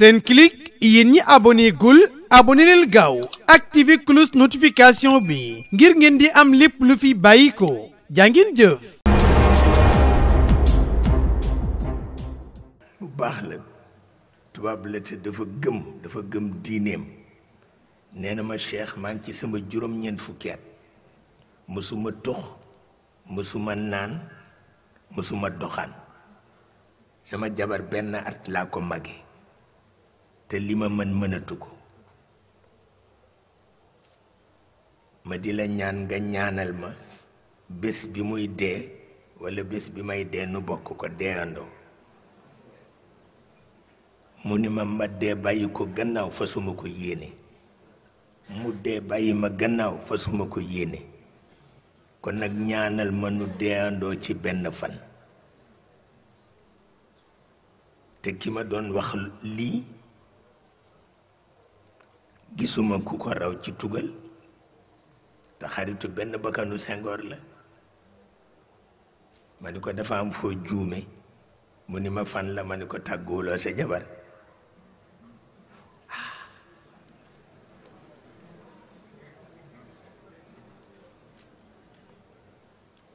Senclic yéen ñi abonné gul abonné leen gaaw activé cloche notification bi ngir ngeen di am lépp lu fi bàyyi ko jàngin jëf. bu baax la tubaab la te dafa gëm dafa gëm diineem nee na ma cheikh maa ngi ci sama juróom-ñeent fukki at mësuma tux mësuma naan mësuma doxaan sama jabar benn at laa ko màggee. te li ma mën mënatu ko ma di la ñaan nga ñaanal ma bés bi muy dee walla bés bi may dee nu bokk ko deeandoo mu ni ma ma dee bàyyi ko gannaaw fasuma ko yéene mu dee bàyyi ma gannaaw fasuma ko yéene kon nag ñaanal ma nu deeandoo ci benn fan te ki ma doon wax lii gisuma ku ko raw ci tugal te xaritu benn bakkanu sengoor la ma ni ko dafa am foo juume mu ni ma fan la ma ni ko tàgguwuloo sa jabar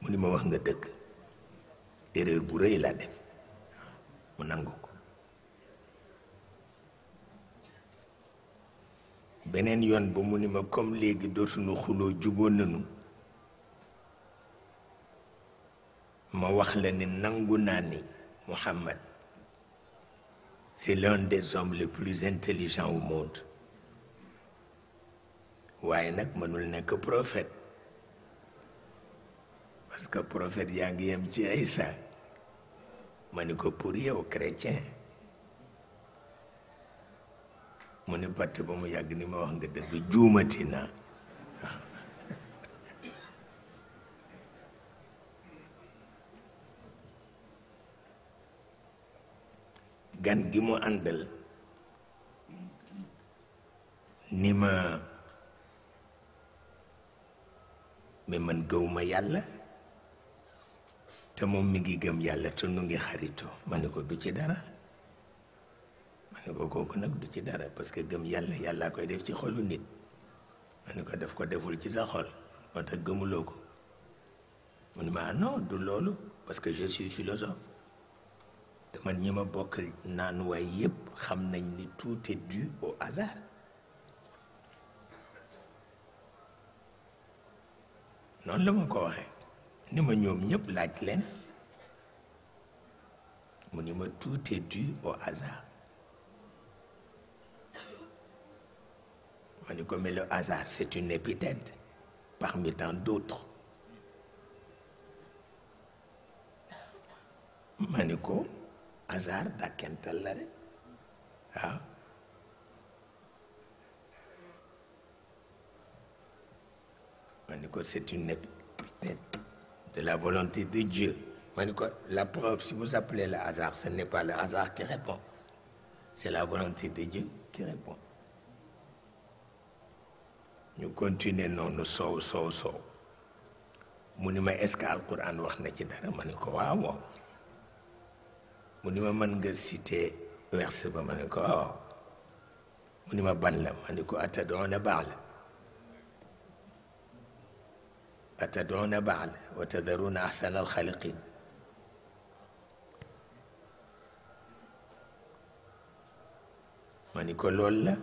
mu ni ma wax nga dëgg erreur bu rëy laa def mu nangu beneen yoon ba mu ni ma comme léegi dootuñu xuloo juboo nañu ma wax la ni nangu naa ni Muhammad c'est l'un des hommes les plus intelligents au monde waaye nag mënul nekk prophète parce que prophète yaa ngi yem ci ay Isa ma ni ko pour yow chrétien mu ne patt ba mu yàgg ni ma wax nga dëgg juumati na gan gi mu àndal ni ma mais man gëwma yàlla te moom mi ngi gëm yàlla te nu ngi xaritoo ma ne ko du ci dara ne ko nag du ci dara parce que gëm yàlla yàllaa koy def ci xolu nit ma ne ko def ko deful ci sa gëmuloo ko mu ne ah loolu parce que je suis philosophe bokk naan yëpp xam nañ ni tout noonu la ma ko waxee ni ma ñoom ñëpp laaj leen mu ni ma tout est dû au hasard ma ni ko mais le hasard c'est une épithète parmi tant d'autres ma ni ko hasard dàkkental la rek waaw ah. ma ko c'est une épithète de la volonté de Dieu ma la preuve si vous appelez le hasard ce n'est pas le hasard qui répond c'est la volonté de Dieu qui répond ñu continue noonu soow soow soow mu ni ma est-ce que alquran wax na ci dara ma ni ko waaw mu ni ma mën nga citer verset ba ma ni ko waaw mu ni ma ban la ma ni ko atadoona baax la atadoona baax la wa tadaruuna ahsana alxaliqin ma ni ko loolu la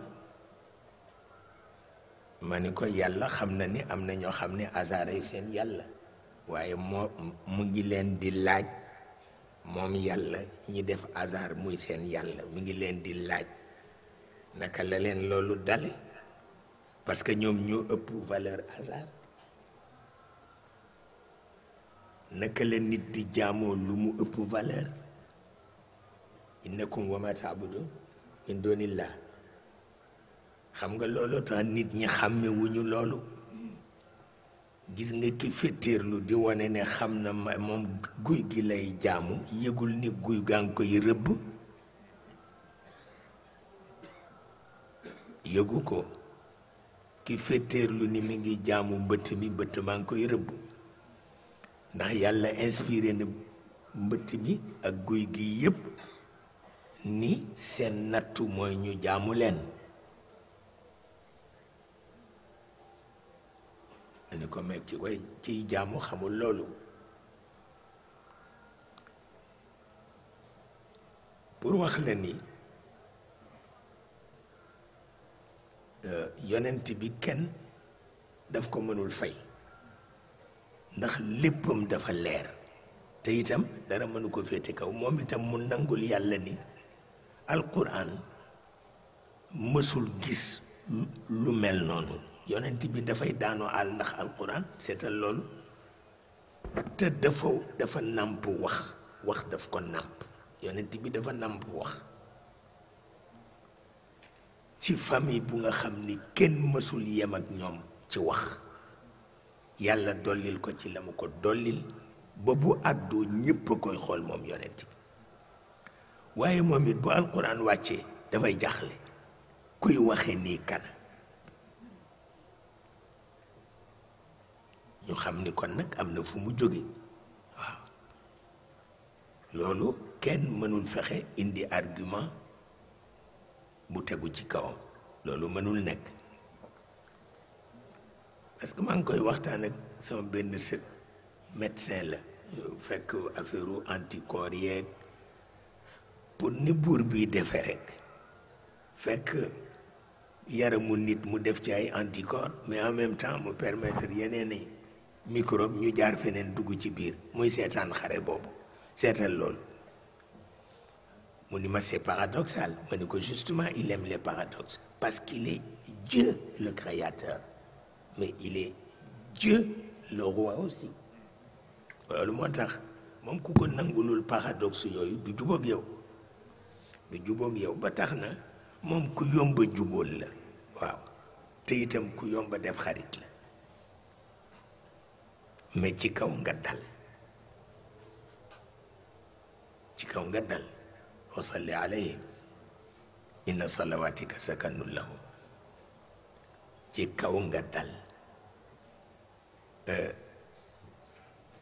ma ni ko yàlla xam na ni am na ñoo xam ne asaaray seen yàlla waaye moo mu ngi leen di laaj moom yàlla ñi def hasard muy seen yàlla mu ngi leen di laaj naka la leen loolu dal parce que ñoom ñoo ëpp valeur hasard naka la nit di jaamoo lu mu ëpp valeur innakum wa ma taabudun min doonillah xam nga loolu tax nit ñi xàmmewuñu loolu gis nga ki féttéerlu di wone ne xam na ma moom guy gi lay jaamu yëgul ni guy gaa ngi koy rëbb yëgu ko ki féttéerlu ni mi ngi jaamu mbëtt mi mbëtt maa ngi koy rëbb ndax yàlla inspiré na mbëtt mi ak guy gi yépp ni seen nattu mooy ñu jaamu leen ni ko meeg ci koy ciy jaamu xamul loolu pour wax la ni yonent bi kenn daf ko mënul fay ndax léppam dafa leer te itam dara mënu ko féete kaw moom itam mu nangul yàlla ni alquran mësul gis lu mel noonu yonent bi dafay daanoo àll ndax alquran seetal loolu te dafa dafa nàmp wax wax daf ko nàmp yonent bi dafa nàmp wax ci famille bu nga xam ni kenn mësul yem ak ñoom ci wax yàlla dollil ko ci la mu ko dollil ba bu àddoo ñépp a koy xool moom yonent bi waaye moom it bu alxuraan wàccee dafay jaxle kuy waxe nii kana ñu xam ni kon nag am na fu mu jóge waaw loolu kenn mënul fexe indi argument bu tegu ci kawam loolu mënul nekk parce que maa ngi koy waxtaan ak sama benn sët médecin la fekk affaire anticorps yeeg pour ni buur bii defe rek fekk yaramu nit mu def ci ay anticorps mais en même temps mu permettre yeneen yi microbe ñu jaar feneen dugg ci biir muy seetaan xare boobu seetal loolu mu ni mase c'est paradoxal ma ni ko justement il aime les parce qu'il est Dieu le créateur mais il est Dieu le roi aussi loolu moo tax moom ku ko nangulul paradoxe yooyu du jubóog yow du jubóog yow ba tax na moom ku yomba jubóol la waaw te ku yomba def xarit la mais ci kaw nga dal ci kaw nga dal wa salli alayhim inna salawatika sakanun lahum ci kaw nga dal euh,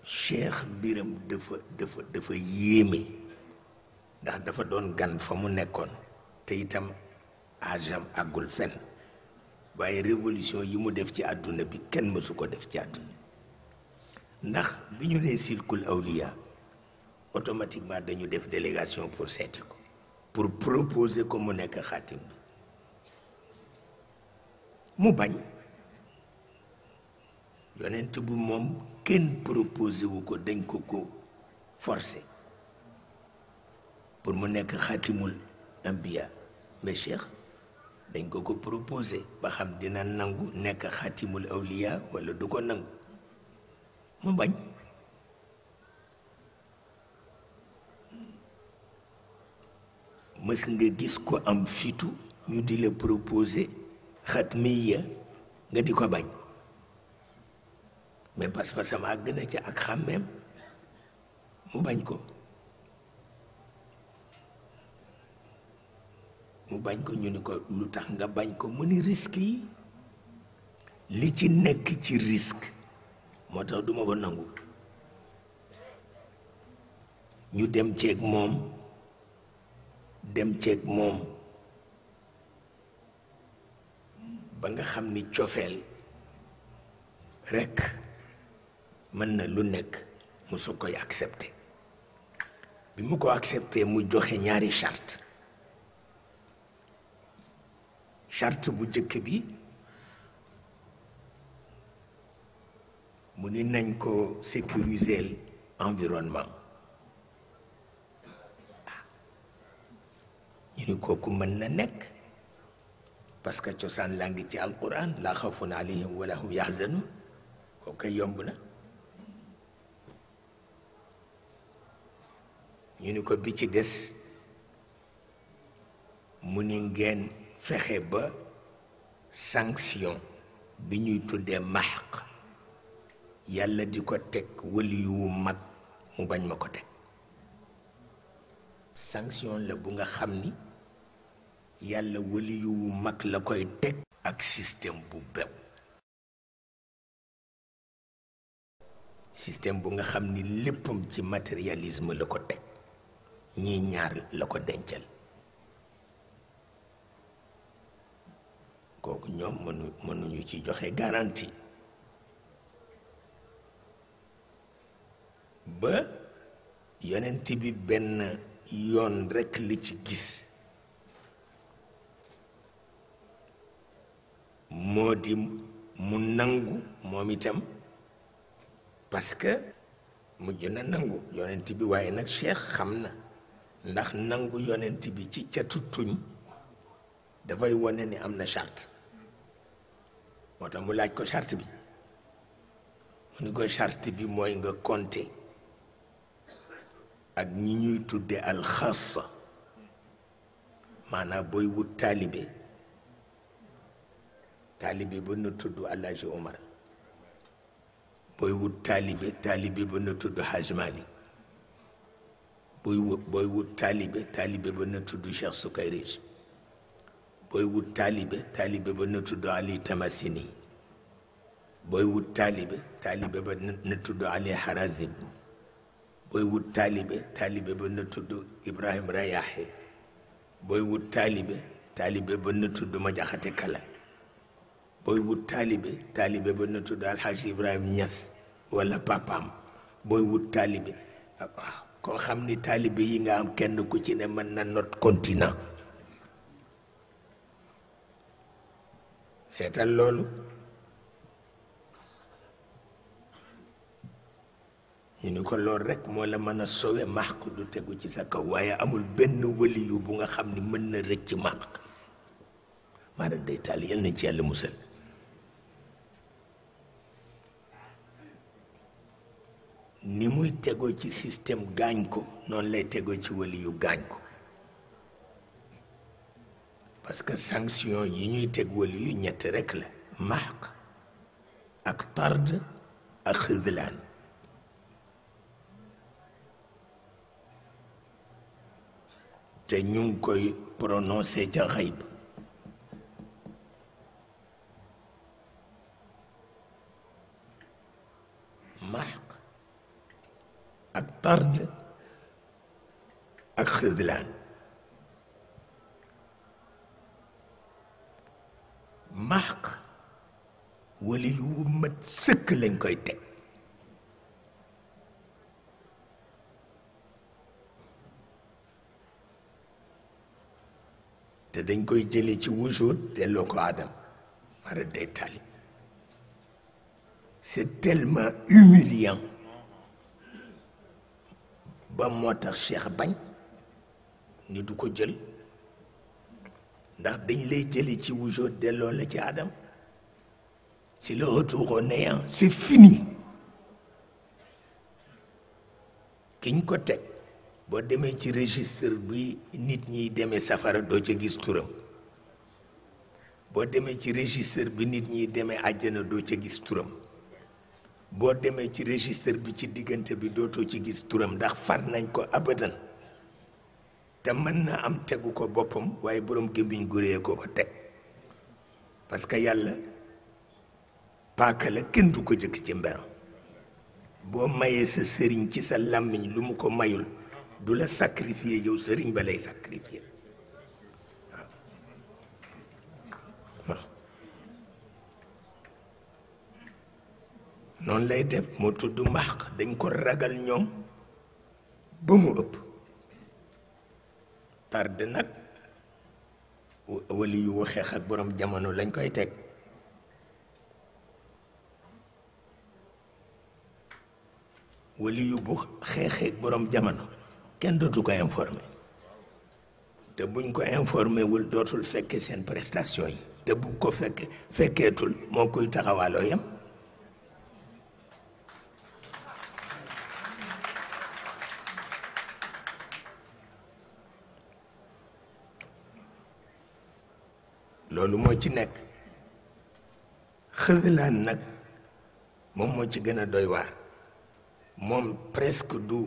cheikh mbiram dafa dafa dafa yéeme ndax dafa doon gan fa mu nekkoon te itam agam àggul fen waaye révolution yi mu def ci àdduna bi kenn mësu ko def ci àdduna ndax bi ñu nee circule awliya automatiquement dañu def délégation pour seet ko pour proposer ko mu nekk xaatim bi mu bañ yonent bu moom kenn proposé wu ko dañ ko ko forcé pour mu nekk xaatimul ambiya mais cheikh dañ ko ko proposé ba xam dina nangu nekk xaatimul awliya wala du ko nangu mu bañ mës nga gis ko am fitu ñu di la proposer xatmiya nga di ko bañ mais pas-pasam àgg na ca ak xàmmeem mu bañ ko mu bañ ko ñu ni ko lu tax nga bañ ko mu ni risque yi li ci nekk ci risque moo tax duma ko nangu ñu dem ceeg moom dem ceeg moom ba nga xam ni cofeel rekk mën na lu nekk mu su koy accepté bi mu ko accepté mu joxe ñaari charte charte bu jëkk bi mu ni nañ ko sécuriser environnement ah. ñu ni kooku mën na nekk parce que cosaan laa ngi ci alquran laa xawfun alayhim wala hum yaxzanun kooku yomb na ñu ni ko bi ci des mu ni ngeen fexe ba sanction bi ñuy tuddee màq yàlla di ko teg waliyu mag mu bañ ma ko teg sanction la bu nga xam ni yàlla waliyu mag la koy teg ak système bu bew système bu nga xam ni léppam ci matérialisme la ko teg ñi ñaar la ko dencal kooku ñoom mënu mënuñu ci joxe garanti ba yonent bi benn yoon rekk li ci gis moo di mu nangu moom itam parce que mujj na nangu yonent bi waaye nag cheikh xam na ndax nangu yonent bi ci catu tuñ dafay wone ni am na chart moo tax mu laaj ko chart bi mu ni ko chart bi mooy nga compter ak ñi ñuy tudde alxaasa maanaam booy wut taalibe taalibe ba na tudd Alaaji Omar booy wut taalibe taalibe ba na tudd Haj booy wut booy wut taalibe taalibe ba na tudd Cheikh Sukayrij booy wut taalibe taalibe ba na tudd Ali Tamasini booy wut taalibe taalibe ba na tudd Ali Harazim booy wut taalibe taalibe ba na tudd Ibrahim Rayaaxi booy wut taalibe taalibe ba na tudd ma kala booy wut taalibe taalibe ba na tudd Alxaaji Ibrahim Ñas wala papaam booy wut taalibe waaw koo ni taalibe yi nga am kenn ku ci ne mën na not kontina seetal loolu ñu ni ko lool rek moo la mën a sowe màq du tegu ci sa kaw waaye amul benn waliyu bu nga xam ni mën na rëcc màq maanaam day taal yal nañ ci yàlla musal ni muy tegoo ci système gaañ ko noonu lay tegoo ci waliyu gaañ ko parce que sanction yi ñuy teg waliyu ñett rek la. mahq ak tard ak xidlaan te ñu koy prononcé ca xayb mahq ak tard ak xidlaan mahq wala yu mat sëkk lañ koy teg te dañ koy jële ci wujud delloo ko Adam mara day tali c'est tellement humiliant ba moo tax Cheikh bañ ni du ko jël ndax dañ lay jële ci wujud delloo la ci Adam c'est le retour au néant c'est fini kiñ ko teg boo demee ci registre bi nit ñiy demee safara doo ca gis turam boo demee ci registre bi nit ñiy demee àjjana doo ca gis turam boo demee ci registre bi ci diggante bi dootoo ci gis turam ndax far nañ ko abadan te mën na am tegu ko boppam waaye borom gémmiñ guree ko ko teg parce que yàlla paaka la kenn du ko jëkk ci mberam boo mayee sa sëriñ ci sa làmmiñ lu mu ko mayul du la sacrifier yow sëriñ ba lay sacrifier waaw lay def moo tudd mbaax dañ ko ragal ñoom ba mu ëpp tarde nag wali yu xeex ak borom jamono lañ koy teg wali yu bu xeexeeg borom jamono kenn dootu ko informé te buñ ko informé wul dootul fekke seen prestation yi te bu ko fekke fekkeetul moo koy taxawaaloo yam loolu moo ci nekk xëwelaan nag moom moo ci gën a doy waar moom presque du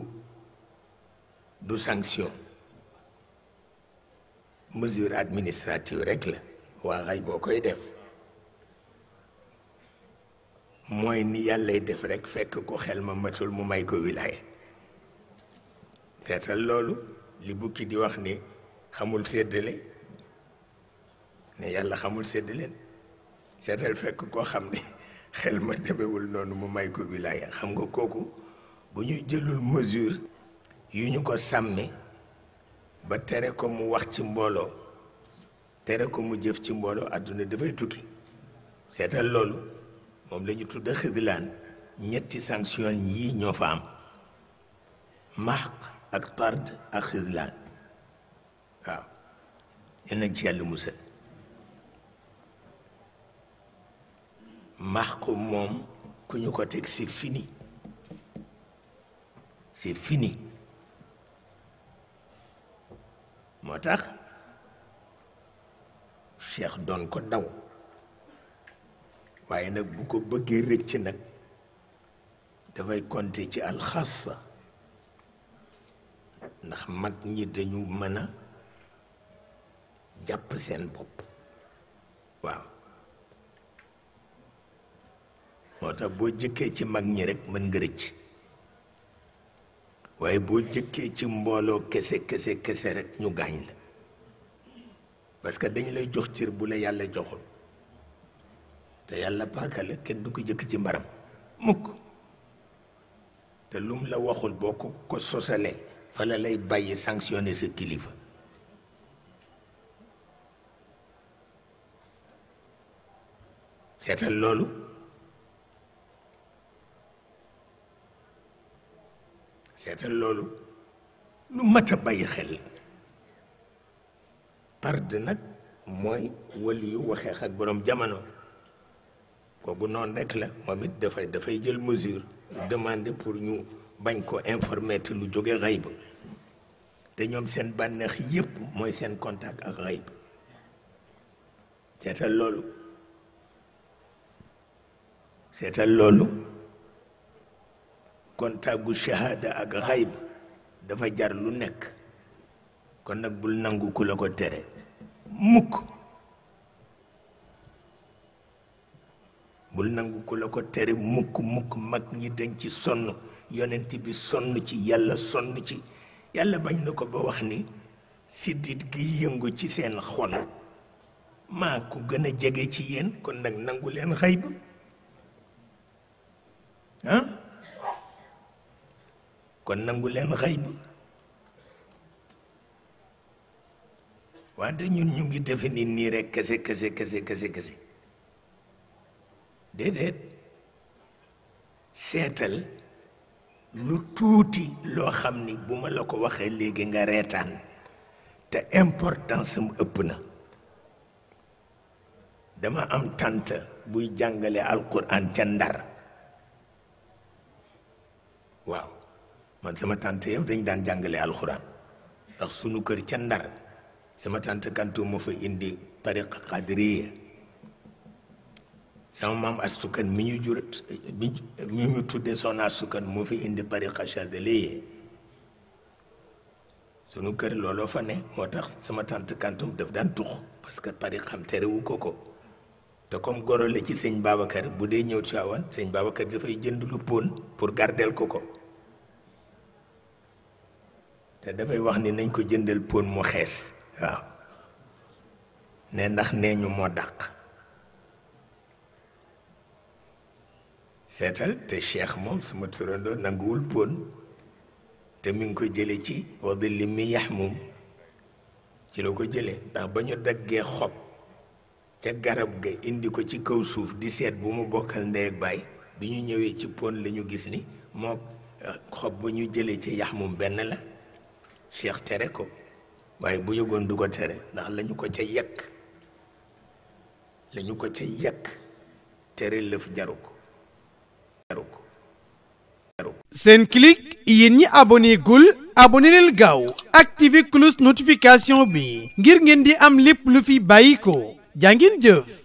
du sanction mesure administrative rek la waa xay boo koy def mooy ni yàllay def rek fekk ko xel ma matul mu may ko wilaaye seetal loolu li bukki di wax ni xamul sedd séddale ne yàlla xamul sedd leen seetal fekk koo xam ne xel ma demewul noonu mu may ko wilaaye xam nga kooku bu ñuy jëlul mesure yu ñu ko sàmme ba tere ko mu wax ci mbooloo tere ko mu jëf ci mbooloo àdduna dafay tukki seetal loolu moom lañu ñu tudd xidlaan ñetti sanction yi ñoo fa am mahq ak tard ak xidlaan waaw yal nañ ci yàlla musal mahq moom ku ñu ko teg c'est fini c'est fini moo tax cheikh doon ko ndaw waaye nag bu ko bëggee rëcc nag dafay konte ci alxassa ndax mag ñi dañu mën a jàpp seen bopp waaw moo tax boo jëkkee ci mag ñi rekk mën nga rëcc waaye boo jëkkee ci mbooloo kese kese kese rek ñu gaañ la parce que dañu lay jox cër bu la yàlla joxul te yàlla paaka la kenn du ko jëkk ci mbaram mukk te lum la waxul boo ko ko sosalee fa la lay bàyyi sanctionner sa kilifa seetal loolu seetal loolu lu mat a bàyyi xel pard nag mooy wali yu waxeex ak borom jamono boobu noon rek la moom it dafay dafay jël mesure demander pour ñu bañ koo informer te lu jóge xayb te ñoom seen bànneex yépp mooy seen contact ak xayb seetal loolu seetal loolu kon tàggu shahada ak xayb dafa jar lu nekk kon nag bul nangu ku la ko tere mukk mukk mag ñi dañ ci sonn yonent bi sonn ci yàlla sonn ci yàlla bañ na ko ba wax ni siddit gi yëngu ci seen xol maa ku gën a jege ci yéen kon nag nangu leen xayb ah kon nangu leen xëy bi wante ñun ñu ngi defe nit nii rek kese kese kese kese kese déedéet seetal lu tuuti loo xam ni bu ma la ko waxee léegi nga reetaan te importance am ëpp na dama am tante buy jàngale alquran ca ndar man sama tante yëpp daan jàngale alxuraan ndax kër ca ndar sama tante kantu moo fa indi tariqa qadiriya sama maam astukan mi ñu jur mi ñu moo fi indi tariqa kër looloo fa ne moo tax sama tante kantum daf daan tux parce que tariqam terewu ko ko te comme goro la ci sëñ Babacar bu dee ñëw Tiwaawan sëñ Babacar dafay jënd lu pon pour gardel ko ko te dafay wax ni nañ ko jëndal pon mu xees waaw ne ndax nee ñu moo dàq seetal te cheikh moom sama turandoo nanguwul pon te mi ngi ko jële ci wadi li mi yax moom ci la ko jële ndax ba ñu daggee xob ca garab ga indi ko ci kaw suuf di seet bu mu bokkal ndey ak baay bi ñu ñëwee ci pon lañu gis ni moo xob bu ñu jële ci yax moom benn la cheikh tere ko waaye bu yëgoon du ko tere ndax lañu ko ca yekk lañu ko ca yekk tere lëf jaru ko jaru ko seen clic yéen ñi abonné gul abonné leen gaaw activé cloche notification bi ngir ngeen di am lépp lu fi bàyyi ko jàngin jëf